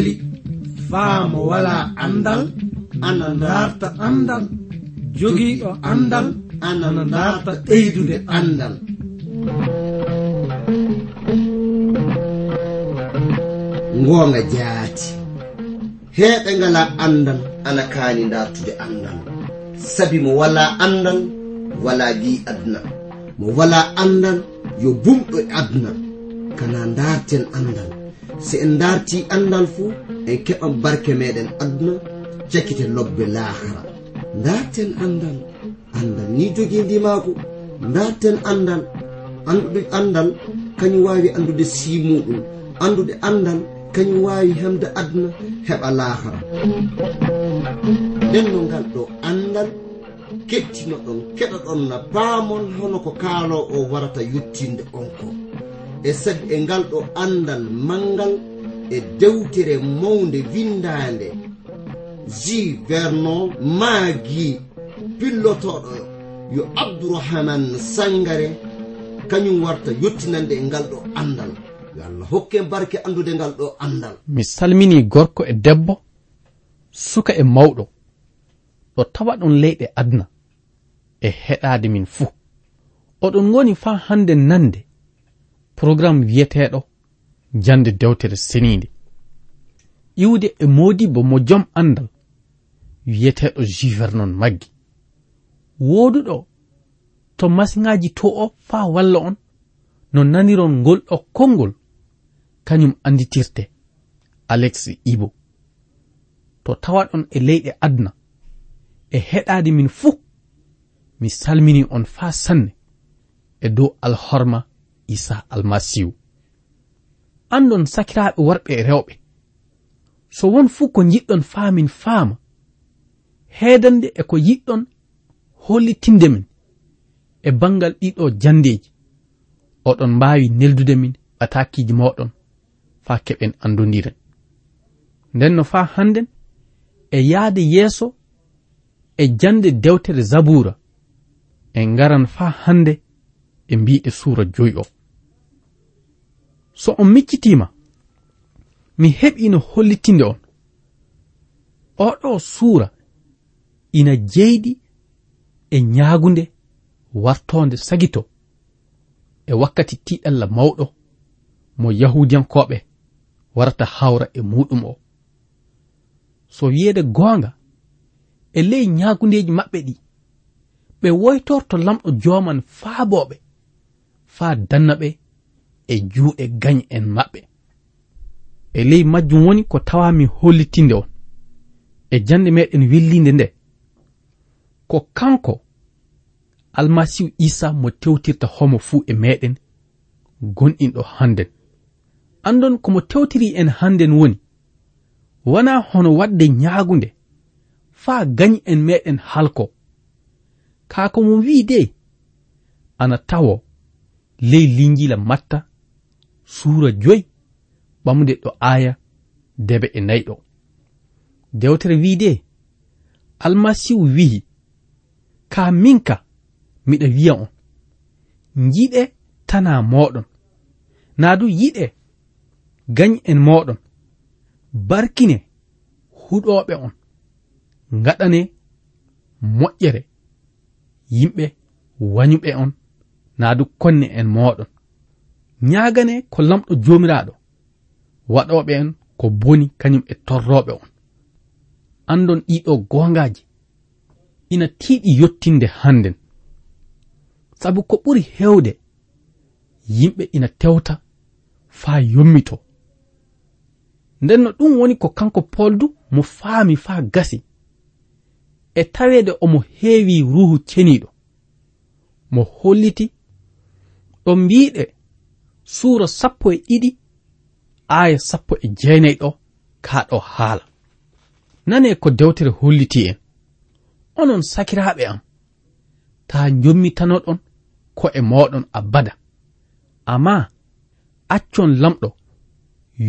weeli faamo wala andal ana darta andal jogiiɗo andal ana darta ɓeydude andal ngoonga jaati heeɓe ngala andal ana kaani dartude andal sabi mo wala andal wala gi aduna mo wala andal yo bumɗo e aduna kana darten andal se en darti andal fuu en keɓan barke meɗen aduna jakkite lobbe lahara darten andal andal ni jogindimaako darten andal anduɗe andal kañum wawi andude simuɗum andude andal kañum wawi hemde aduna heɓa lahara nden no ngal ɗo andal kettino ɗon keɗoɗon na baamon hono ko kaalo o warata yettinde on ko e sag e ngal ɗo andal mangal e dewtere mawde windande ji vernon maagi pillotoɗo yo abdourahaman sangare kañum warta yottinande e ngal ɗo andal yo allah hokke barke andude ngal ɗo andal mi salmini gorko e debbo suka e mawɗo ɗo tawa ɗon leyɗe adna e heɗade min fuu oɗon ngoni faa hande nande program wiyeteɗo jande dewtere seniide iwde e modibo mo jom andal wiyeteɗo juvernon maggi woduɗo to masiŋaji to o fa walla on no naniron ngol ɗo konngol kañum anditirte alex ibo to tawa ɗon e leyɗe adna e heɗade min fuu mi salmini on fa sanne e dow alhorma isa almasihu andon sakiraɓe worɓe e rewɓe so won fuu ko jiɗɗon faamin faama heedande e ko yiɗɗon hollitinde min e bangal ɗiɗo jandeji oɗon mbaawi neldude min ɓatakiji moɗon faa keɓen andodiren nden no faa hannden e yahde yeeso e jande dewtere zaboura en ngaran faa hannde ɓe mbiɗe suura joyi o so on miccitiima mi heɓi no hollitinde on oɗo suura ina jeyɗi e ñaagunde wartoonde sagito e wakkati tiiɗalla mawɗo mo yahudiyankoɓe warata hawra e muɗum o so wiyeede goonga e ley ñaagundeeji maɓɓe ɗi ɓe woytorto lamɗo jooman faabooɓe faa danna ɓe e juuɗe gaña en maɓɓe e ley majjum woni ko tawami hollitinde on e jande meɗen wellinde nde ko kanko almasihu isa mo tewtirta homo fuu e meɗen gonɗinɗo hannden andon komo tewtiri en hannden woni wona hono waɗde ñaagunde faa gañ en meɗen halko kaa komo wi de ana tawo ley linjila matta suura joyi ɓamde ɗo aya debe e nayɗo dewtere wi de almasihu wihi ka minka miɗa wiya on jiɗe tana moɗon naa du yiɗe gañ en moɗon barkine huɗoɓe on gaɗane moƴƴere yimɓe wañuɓe on naa du konne en moɗon ñaagane ko lamɗo joomiraaɗo waɗooɓe en ko boni kañum e torrooɓe on anndon ɗiiɗoo goongaaji ina tiiɗi yottinde hannden sabu ko ɓuri heewde yimɓe ina tewta faa yommitoo nden no ɗum woni ko kanko pool du mo faami faa gasi e taweede omo heewi ruuhu ceniiɗo mo holliti ɗo mbiiɗe suura sappo e ɗiɗi aya sappo e jeenayi ɗo kaa ɗo haala nane ko dewtere holliti en onon sakiraaɓe am taa njommitanoɗon ko e mooɗon abada amaa accon lamɗo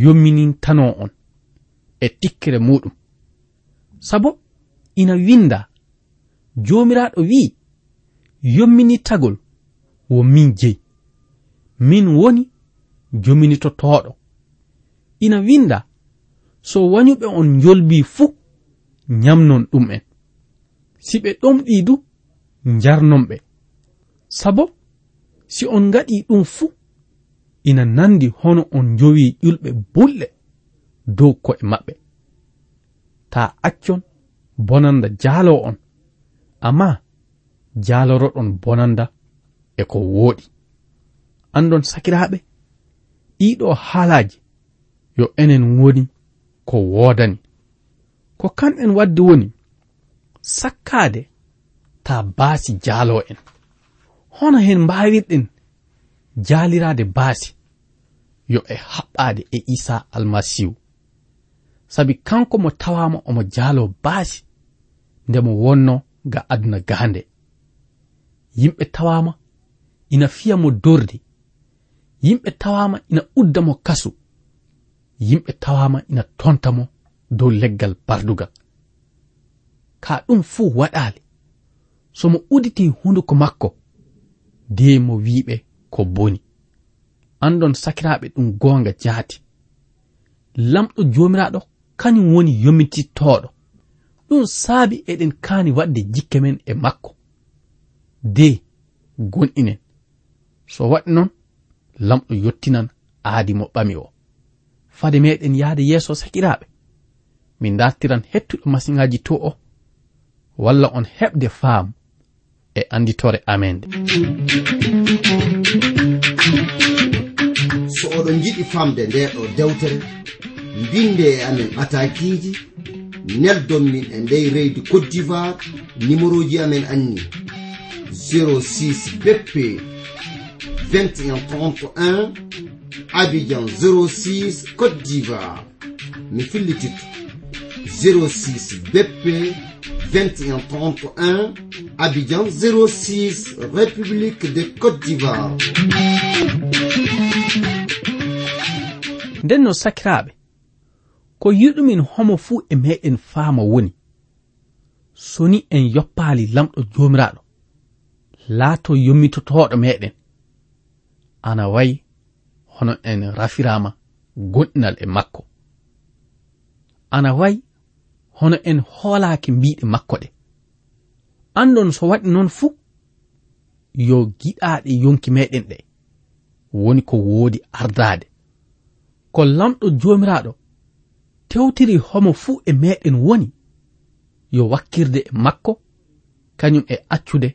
yomminintano on e tikkere muɗum sabo ina winda joomiraaɗo wi'i yomminitagol wo min jeyi min woni jominitotoɗo ina winda so wanyuɓe on jolbi fuu nyamnon ɗum en si ɓe ɗomɗi du jarnomɓe sabo si on ngaɗi ɗum fuu ina nandi hono on jowi ƴulɓe bulɗe dow ko'e maɓɓe ta accon bonanda jaalo on amma jaaloroɗon bonanda e ko wooɗi andon sakiraɓe ɗiɗo haalaji yo enen woni ko woodani ko kamɓen waddi woni sakkade ta baasi jaalo en hono hen mbawirɗen jaalirade baasi yo e haɓɓade e isa almasihu sabi kanko mo tawama omo jaalo baasi nde mo wonno ga aduna gande yimɓe tawama ina fiya mo dordi yimɓe tawama ina udda mo kasu yimɓe tawama ina tontamo dow leggal bardugal ka ɗum fuu waɗali somo uditi hunduko makko de mo wiɓe ko boni andon sakiraɓe ɗum gonga jaati lamɗo jomiraɗo kañum woni yomitittoɗo ɗum saabi eɗen kaani waɗde jikke men e makko de gonɗinen so waɗi noon lamɗo yottinan aadi mo ɓami o fade meɗen yahde yeeso sakiraaɓe min dartiran hettuɗo masiŋaaji to o walla on heɓde faam e annditore amende so oɗon jiɗi famde ndeɗo dewtere mbinde e amen ɓataakiiji neldon min e ndey reydi cote d'ivoire numéro ji amen anni 06 beppe 2131 abidjan 06 côte d'ivoire mi fillititto 06 bp 2131 abidjan 06 république de côte d'ivoire nden no sakiraaɓe ko yiɗumin homo fuu e meɗen faama woni so ni en yoppaali lamɗo joomiraaɗo laato yommitotooɗo meɗen ana wayi hono en rafirama goɗɗinal e makko ana wayi hono en hoolaaki mbiɗe makko ɗe andon so waɗi noon fuu yo giɗaaɗe yonki meɗen ɗe woni ko woodi ardaade ko lamɗo joomiraaɗo tewtiri homo fuu e meɗen woni yo wakkirde e makko kañum e accude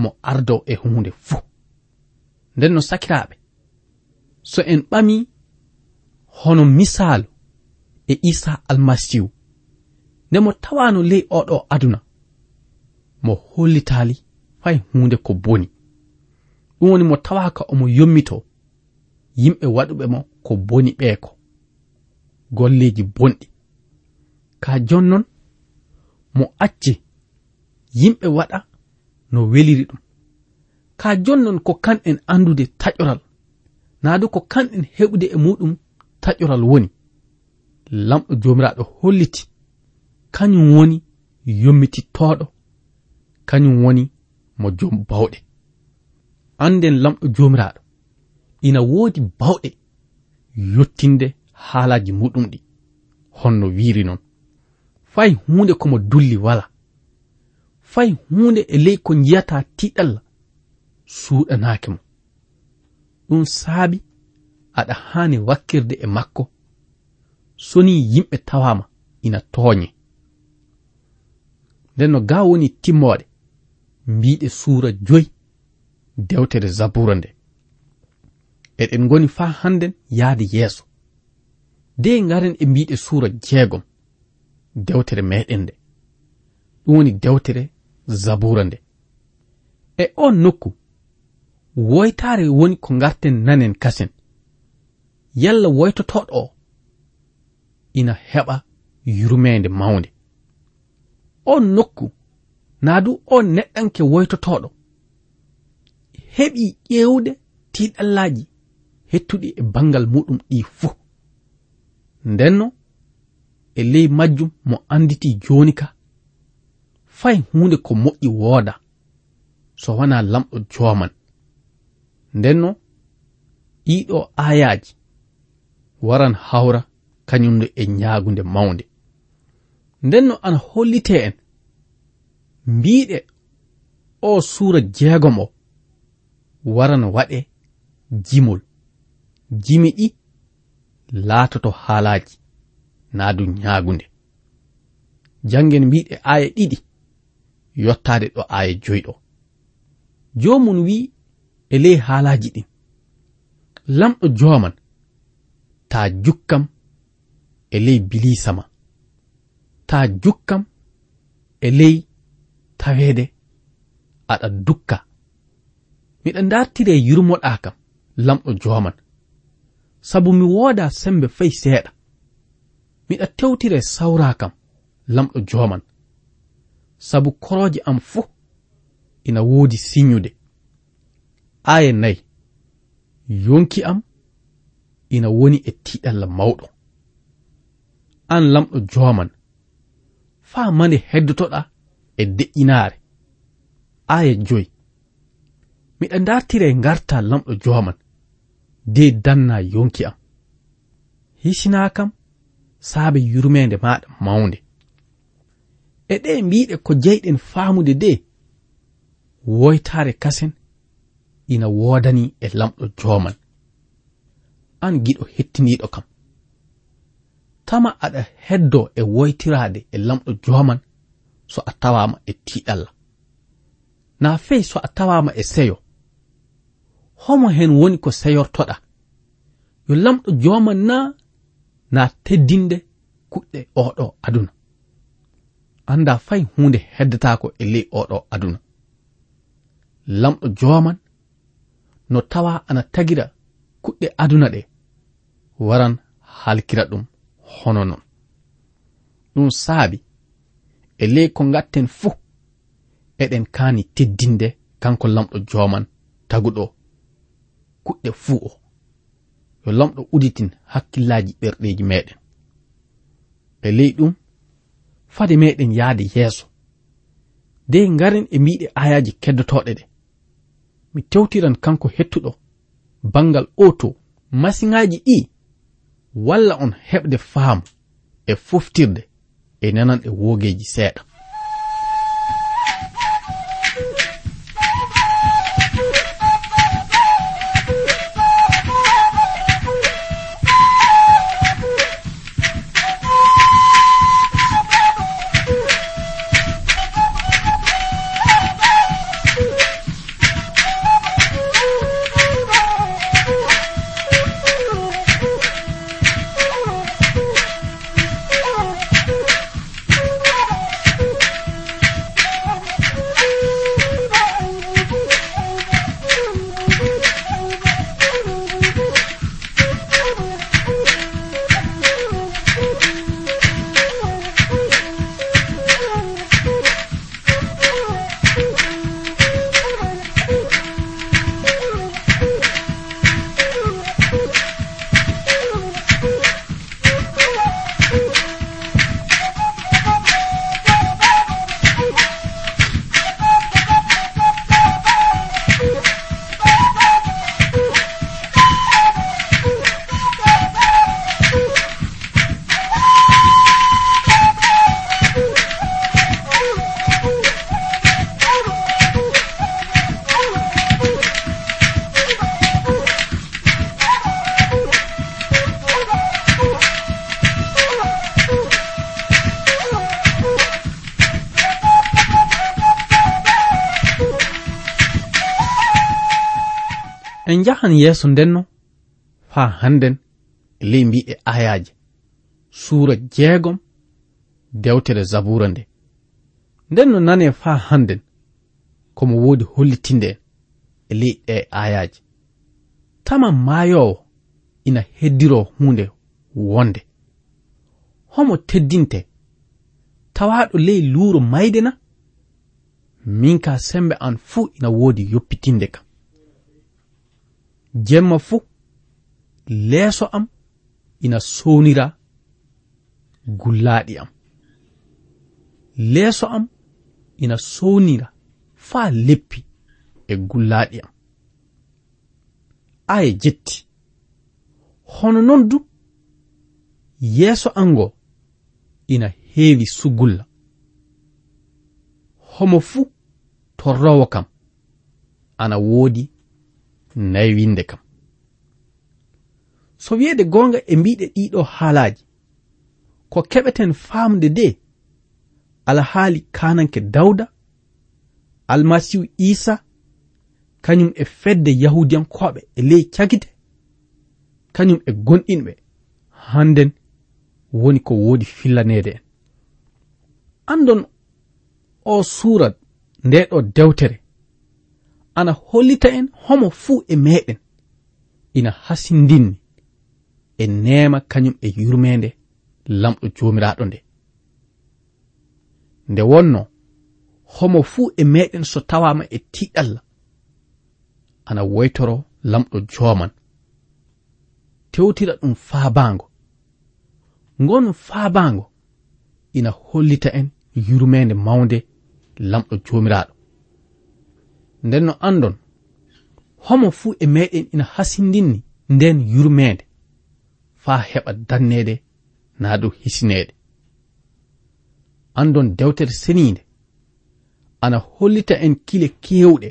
mo ardo e hunde fuu nden no sakiraaɓe so en ɓami hono misaalu e isa almasihu nde mo tawano ley oɗo aduna mo hollitali fay hunde ko boni ɗum woni mo tawaka omo yommito yimɓe waɗuɓe mo ko boni ɓeeko golleji bonɗi ka jonnon mo acci yimɓe waɗa no weliri ɗum ka jonnon ko kanɗen andude taƴoral naadu ko kanɗen heɓude e muɗum taƴoral woni lamɗo jomiraɗo holliti kañum woni yommitittoɗo kañum woni mo jom bawɗe anden lamɗo jomiraɗo ina woodi bawɗe yottinde haalaji muɗum ɗi honno wiri non fay hunde komo dulli wala fay hunde e ley ko jiyata tiɗalla suuɗanaake mo ɗum saabi aɗa haani wakkirde e makko so ni yimɓe tawaama ina tooñe nden no ga woni timmooɗe mbiɗe suura joyi dewtere zabura nde eɗen ngoni faa hannden yahde yeeso de ngaren e mbiɗe suura jeegom dewtere meɗen nde ɗum woni dewtere zabura nde e on nokku woytaare woni ko ngarten nanen kasen yalla woytotoɗo o ina heɓa yurmeende mawnde on nokku naa du on neɗɗanke woytotoɗo heɓi ƴeewde tiiɗallaaji hettuɗi e bangal muɗum ɗi fuu ndenno e ley majjum mo annditii jooni ka fay huunde ko moƴƴi wooda so wonaa lamɗo jooman ndenno ɗiɗo ayaji waran hawra kañumde e ñagunde mawnde ndenno an hollite en mbiɗe o suura jeegom o waran waɗe jimol jimi ɗi laatoto haalaji naa du ñagunde jangen mbiɗe aya ɗiɗi yottade ɗo aya joyi ɗo jomum wi'i e ley haalaji ɗin lamɗo joman ta jukkam e ley bilisa ma ta jukkam e ley tawede aɗa dukka miɗa dartire yurmoɗa kam lamɗo joman sabu mi wooda sembe fay seeɗa miɗa tewtire sawra kam lamɗo joman sabu koroje am fuu ina woodi siñude aya nayi yonki am ina woni e tiɗalla mawɗo an lamɗo joman faa mande heddotoɗa e de'inaare aya joyi miɗa dartira garta lamɗo joman de danna yonki am hisina kam saabe yurmende maɗa mawnde e ɗe mbiɗe ko jeyɗen faamude de woytare kasen ina woodani e lamɗo jooman aan giɗo hettiniiɗo kam tama aɗa heddoo e woytiraade e lamɗo jooman so a tawaama e tiiɗalla naa fey so a tawaama e seyo homo hen woni ko seyortoɗa yo lamɗo jooman naa naa teddinde kuɗɗe oɗo aduna annda fay huunde heddataako e ley oɗo aduna lamɗo jooman no tawa ana tagira kuɗɗe aduna ɗe waran halkira ɗum hono non ɗum saabi e ley ko gatten fuu eɗen kaani teddinde kanko lamɗo joman taguɗo kuɗɗe fuu o yo lamɗo uditin hakkillaji ɓerɗeji meɗen e ley ɗum fade meɗen yahde yeeso dey ngaren e mbiɗe ayaji keddotoɗe ɗe de. mi tewtiran kanko hettuɗo bangal oto masiŋaji ɗi walla on heɓde faamu e foftirde e nanan e wogeji seeɗa yahan yeeso ndenno faa hannden ley mbi e ayaaji suura jeegom dewtere zabura nde ndenno nane faa hannden komo woodi hollitinde en e ley ɗe ayaaji tama maayoowo ina heddiroo huunde wonde homo teddinte tawaaɗo ley luuro mayde na min kaa sembe an fuu ina woodi yoppitinde kam jemma fuu leeso am ina soonira gullaaɗi am leeso am ina soonira faa leppi e gullaaɗi am aya jetti hono non du yeeso an ngo ina heewi sugulla homo fuu torrowo kam ana woodi nayi winde kam so wiyeede goonga e mbiɗe ɗiɗo haalaaji ko keɓeten faamde de alhaali kananke dawda almasihu iisa kañum e fedde yahudiyankoɓe e ley cagite kañum e gonɗinɓe hannden woni ko woodi fillaneede en andon o suurat ndeɗo dewtere ana hollita en homo fuu e meɗen ina hasindinni e nema kañum e yurmende lamɗo jomiraɗo nde nde wonno homo fuu e meɗen so tawama e tiɗalla ana woytoro lamɗo joman tewtira ɗum faabango ngon faabango ina hollita en yurmende mawnde lamɗo jomiraɗo nden no andon homo fuu e meɗen ina hasindinni nden yurmede faa heɓa dannede naa dow hisinede andon dewtere seniinde ana hollita en kile keewɗe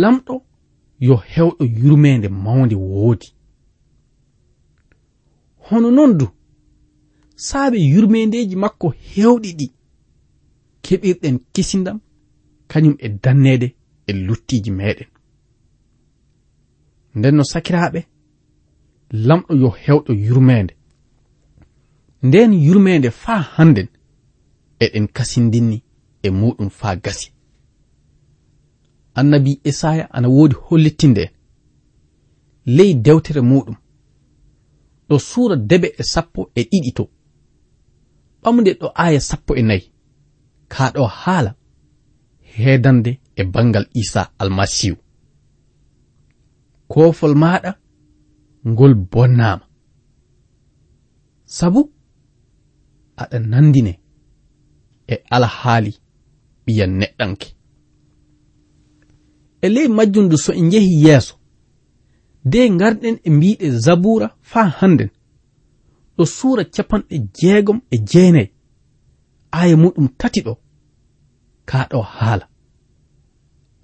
lamɗo yo heewɗo yurmeende mawnde woodi hono noon du saabe yurmeendeeji makko heewɗi ɗi keɓirɗen kisindam kañum e dannede e luttiji meɗen nden no sakiraɓe lamɗo yo hewɗo yurmede nden yurmede faa hannden eɗen kasindinni e muɗum faa gasi annabi isaya ana woodi hollittinde en ley dewtere muɗum ɗo suura debe e sappo e ɗiɗi to ɓamde ɗo aaya sappo e nayi kaa ɗo haala heedande e bangal isa almasihu koofol maɗa ngol bonnaama sabu aɗa nandine e alhaali ɓiyan neɗɗanke e ley majjundu so en njehi yeeso de ngarɗen e mbiɗe zabura faa hannden ɗo suura capanɗe jeegom e jeenayi aya muɗum tati ɗo kaɗo haala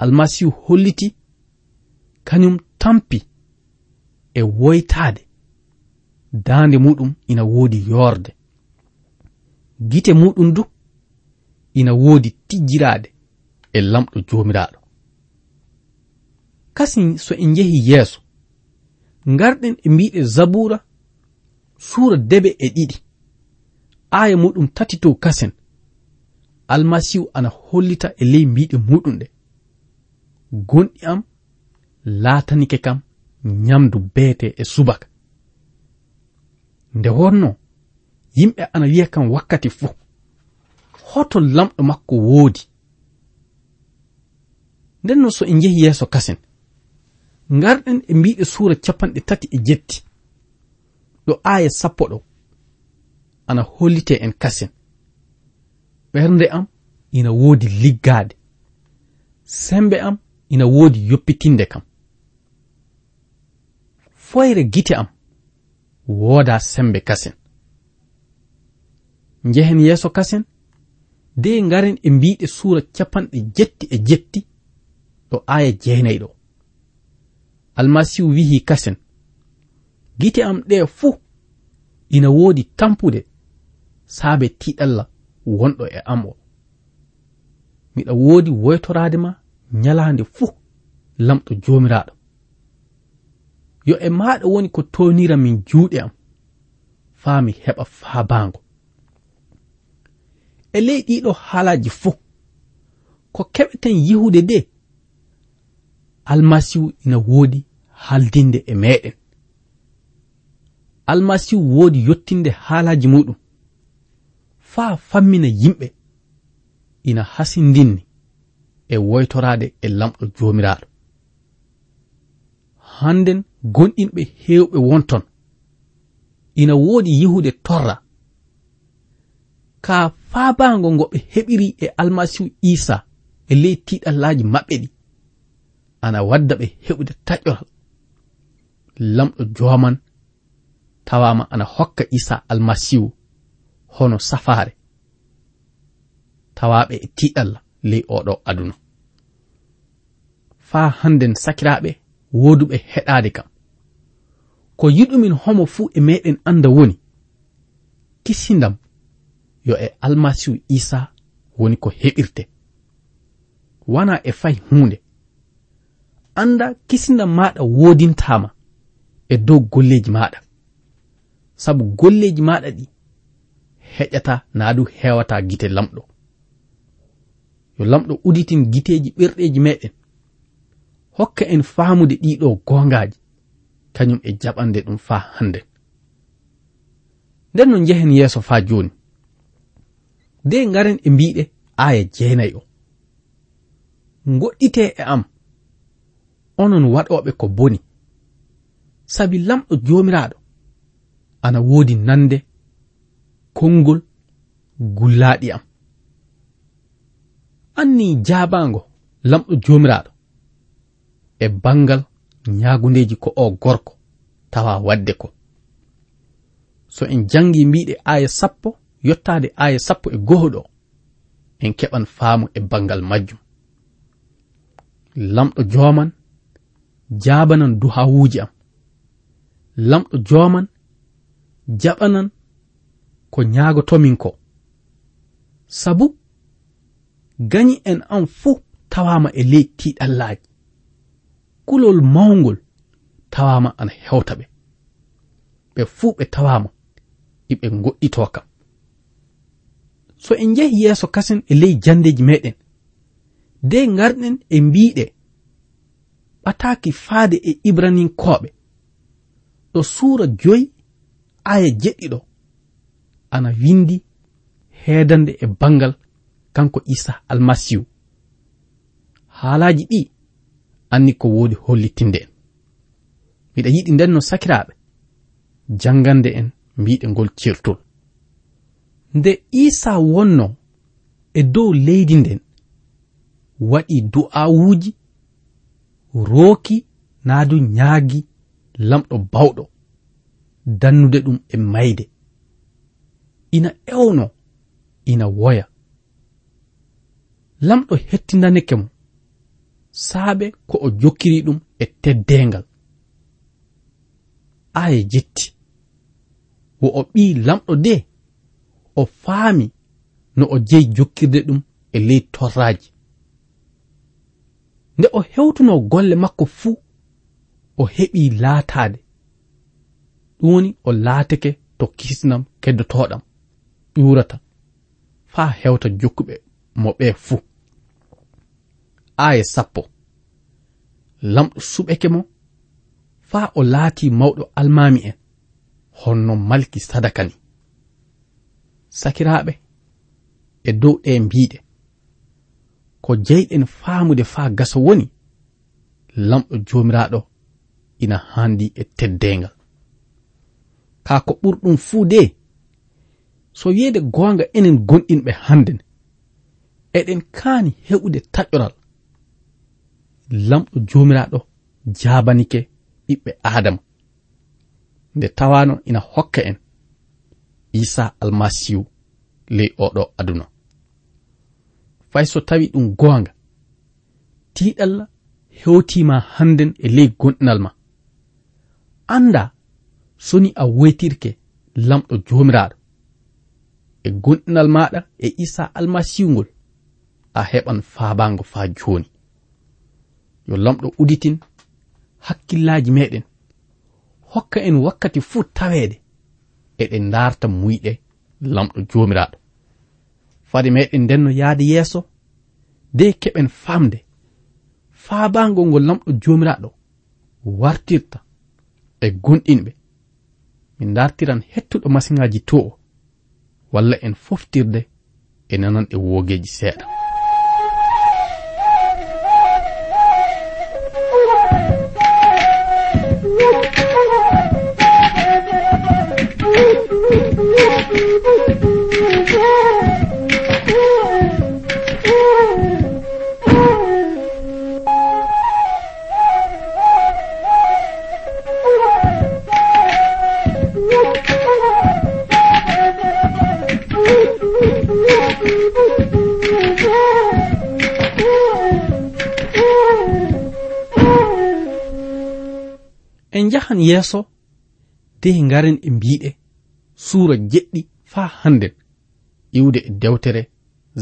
almasihu holliti kañum tampi e woytaade daande muɗum ina woodi yoorde gite muɗum du ina woodi tijjiraade e lamɗo joomiraaɗo kasi so en njehi yeeso ngarɗen e mbiɗe zabura suura debe e ɗiɗi aaya muɗum tati to kasen almasihu ana hollita e ley mbiɗe muɗum ɗe gonɗi am laatanike kam ñamdu beete e subaka nde wonno yimɓe ana wiya kam wakkati fof hoto lamɗo makko woodi nden non so en jehi yeeso kasen ngarɗen e mbiɗe suura capanɗe tati e jetti ɗo aaya sappo ɗo ana hollite en kasen ɓernde am ina woodi liggaade sembe am ina woodi yoppitinde kam foyre gite am wooda sembe kasen njehen yeeso kasen de ngaren e mbiɗe suura capanɗe jetti e jetti ɗo aya jeenayi ɗo almasihu wihi kasen gite am ɗe fuu ina woodi tampude saabe tiɗalla wonɗo e am o miɗa woodi woytoraade ma ñalaande fuu lamɗo joomiraaɗo yo e maaɗa woni ko toonira min juuɗe am faa mi heɓa faabaango e ley ɗiɗo haalaaji fuu ko keɓeten yihude nde almasihu ina woodi haaldinde e meɗen almasihu woodi yottinde haalaaji muɗum faa fammina yimɓe ina hasindinni e woytoraade e lamɗo joomiraaɗo hannden gonɗinɓe heewɓe won ton ina woodi yehude torra kaa faabaango ngo ɓe heɓiri e almasihu iisa e ley tiiɗallaaji maɓɓe ɗi ana wadda ɓe heɓude taƴoral lamɗo jooman tawaama ana hokka iisa almasihu hono safaare tawaɓe e tiɗalla ley oɗo aduna faa hannden sakiraaɓe wooduɓe heɗaade kam ko yiɗumin homo fuu e meɗen annda woni kisindam yo e almasihu isa woni ko heɓirte wana e fay huunde annda kisindam maɗa woodintaama e dow golleeji maɗa sabu golleeji maɗa ɗi heƴata naa du heewata gite lamɗo yo lamɗo uditin giteeji ɓerɗeeji meɗen hokka en faamude ɗiɗo goongaaji kañum e jaɓande ɗum faa hannden nden no njehen yeeso faa jooni nde ngaren e mbiɗe aaya jeenayi o goɗɗitee e am onon waɗooɓe ko boni sabi lamɗo joomiraaɗo ana woodi nande konngol gullaaɗi am anni jaabaango lamɗo joomiraaɗo e banngal ñaagundeeji ko o gorko tawaa waɗde ko so en janngi mbiɗe aaya sappo yottaade aaya sappo e gohoɗo en keɓan faamu e banngal majjum lamɗo jooman jaabanan duhaawuuji am lamɗo jooman jaɓanan ko ñaagotomin ko sabu gañi en an fuu tawama e ley tiiɗallaaji kulol mawgol tawama ana hewta ɓe ɓe fuu ɓe tawama iɓe goɗɗito kam so en njehi yeeso kasen e ley jandeji meɗen de garɗen e mbiɗe ɓataaki faade e ibranin koɓe ɗo suura joyi aya jeɗɗiɗo ana windi heedande e bangal kanko isa almasihu haalaji ɗi anni ko woodi hollitinde en miɗa yiɗi nden no sakiraaɓe jangande en mbiɗe ngol ceertol nde isa wonno e dow leydi nden waɗi du'awuuji rooki naa du ñaagi lamɗo bawɗo dannude ɗum e mayde ina ewno ina woya lamɗo hettindaneke mo saabe ko o jokkiri ɗum e teddengal aye jetti wo o ɓi lamɗo de o faami no o jeyi jokkirde ɗum e ley torraji nde o hewtuno golle makko fuu o heɓi laataade ɗum woni o laateke to kisnam keddotoɗam ɗurata faa hewta jokkuɓe mo ɓe fuu aaya sappo lamɗo suɓeke mo faa o laati mawɗo almaami en honno malki sadaka ni sakiraaɓe e dow ɗe mbiɗe ko jeyɗen faamude faa gaso woni lamɗo joomiraaɗo ina haandi e teddeengal kaa ko ɓurɗum fuu dee so wiyeede goonga enen gonɗinɓe hannden eɗen kaani heɓude taƴoral lamɗo joomiraaɗo jaabanike ɓiɓɓe aadama nde tawaano ina hokka en isa almasihu ley oɗo aduna fay so tawi ɗum goonga tiiɗalla hewtiima hannden e ley gonɗinal ma annda soni a woytirke lamɗo joomiraaɗo e gonɗinal maɗa e isa almasihugol a heɓan faabango faa joni yo lamɗo uditin hakkillaji meɗen hokka en wakkati fuu taweede eɗen ndarta muyɗe lamɗo jomiraɗo fade meɗen nden no yahde yeeso de keɓen famde faabango ngo lamɗo jomiraɗo wartirta e gonɗinɓe min dartiran hettuɗo masiŋaji to o walla en foftirde e nanan e woogeji seeɗa ɗon yeeso tehi ngaren e mbiɗe suura jeɗɗi faa hannden iwde e dewtere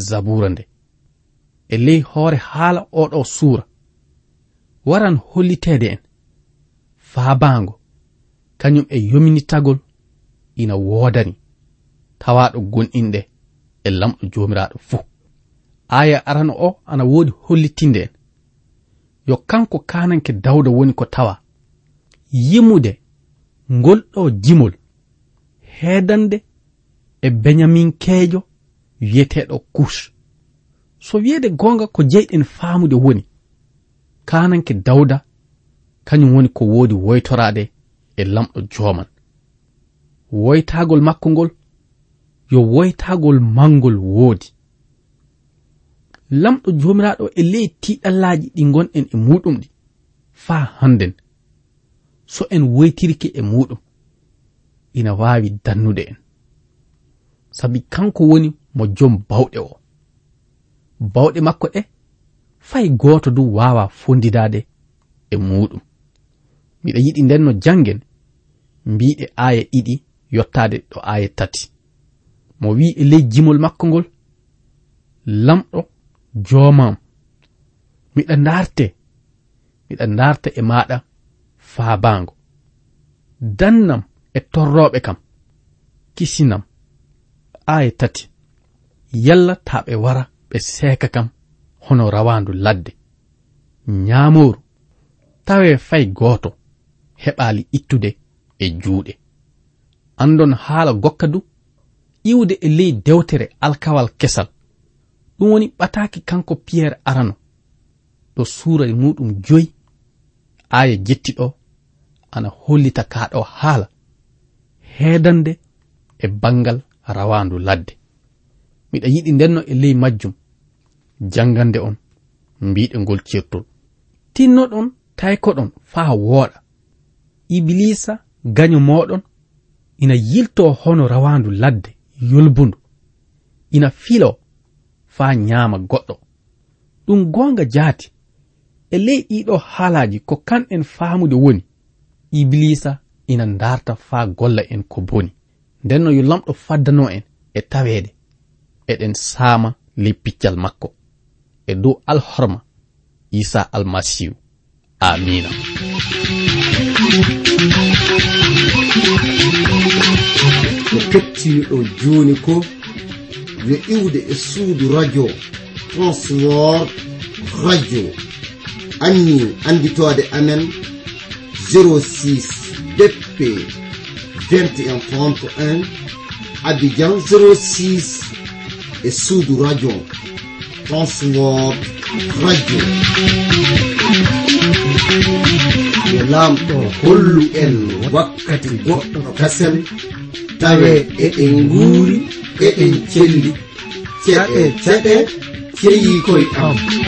zabura nde e ley hoore haala oɗo suura waran holliteede en faa baango kañum e yominitagol ina woodani tawaɗo gonɗinɗe e lamɗo joomiraɗo fuu aaya arana o ana woodi hollitinde en yo kanko kananke dawda woni ko tawa yimude ngolɗo jimol heedande e benyamin keejo wiyeteeɗo kus so wiyeede goonga ko jeyɗen faamude woni kananke dawda kañum woni ko woodi woytoraade e lamɗo jooman woytaagol makko ngol yo woytaagol mangol woodi lamɗo joomiraaɗo e ley tiiɗallaaji ɗi ngonɗen e muɗum ɗi faa hannden so en woytirki e muɗum ina waawi dannude en sabi kanko woni mo jom bawɗe o bawɗe makko ɗe fay gooto du waawa fondidaade e muɗum miɗa yiɗi nden no janngen mbiɗe aaya ɗiɗi yottaade ɗo aaya tati mo wi'i e ley jimol makko ngol lamɗo joomam miɗa ndarte miɗa ndarta e maɗa faabaango dannam e torrooɓe kam kisinam aaya tati yallataa ɓe wara ɓe seeka kam hono rawaandu ladde nyaamooru tawee fay gooto heɓaali ittude e juuɗe anndon haala gokka du iwde e ley dewtere alkawal kesal ɗum woni ɓataaki kanko piyeere arano ɗo suura muɗum joyi aaya jettiɗoo ana hollita kaɗo haala heedande e bangal rawandu ladde miɗa yiɗi ndenno e ley majjum jangande on mbiɗengol cirtol tinnoɗon taykoɗon faa wooɗa ibilisa gaño moɗon ina yilto hono rawandu ladde yolbundu ina filo faa ñaama goɗɗo ɗum goonga jaati e ley ɗiɗo haalaji ko kanɗen faamude woni iblisa ina darta fa golla en ko boni nden no yo lamɗo faddano en e tawede eɗen sama le piccal makko e dow alhorma isa almasihu amina mo kettiniɗo joni ko yo iwde e suudu radio transword radio anni anditode amen 06 dp 2131 abidjan 06 e suudu radio transworld radio e laamɗo hollu en wakkati goɗɗo kasen tawe eɗen nguuri eɗen celli ceɗe ceɗe ceyii e koye am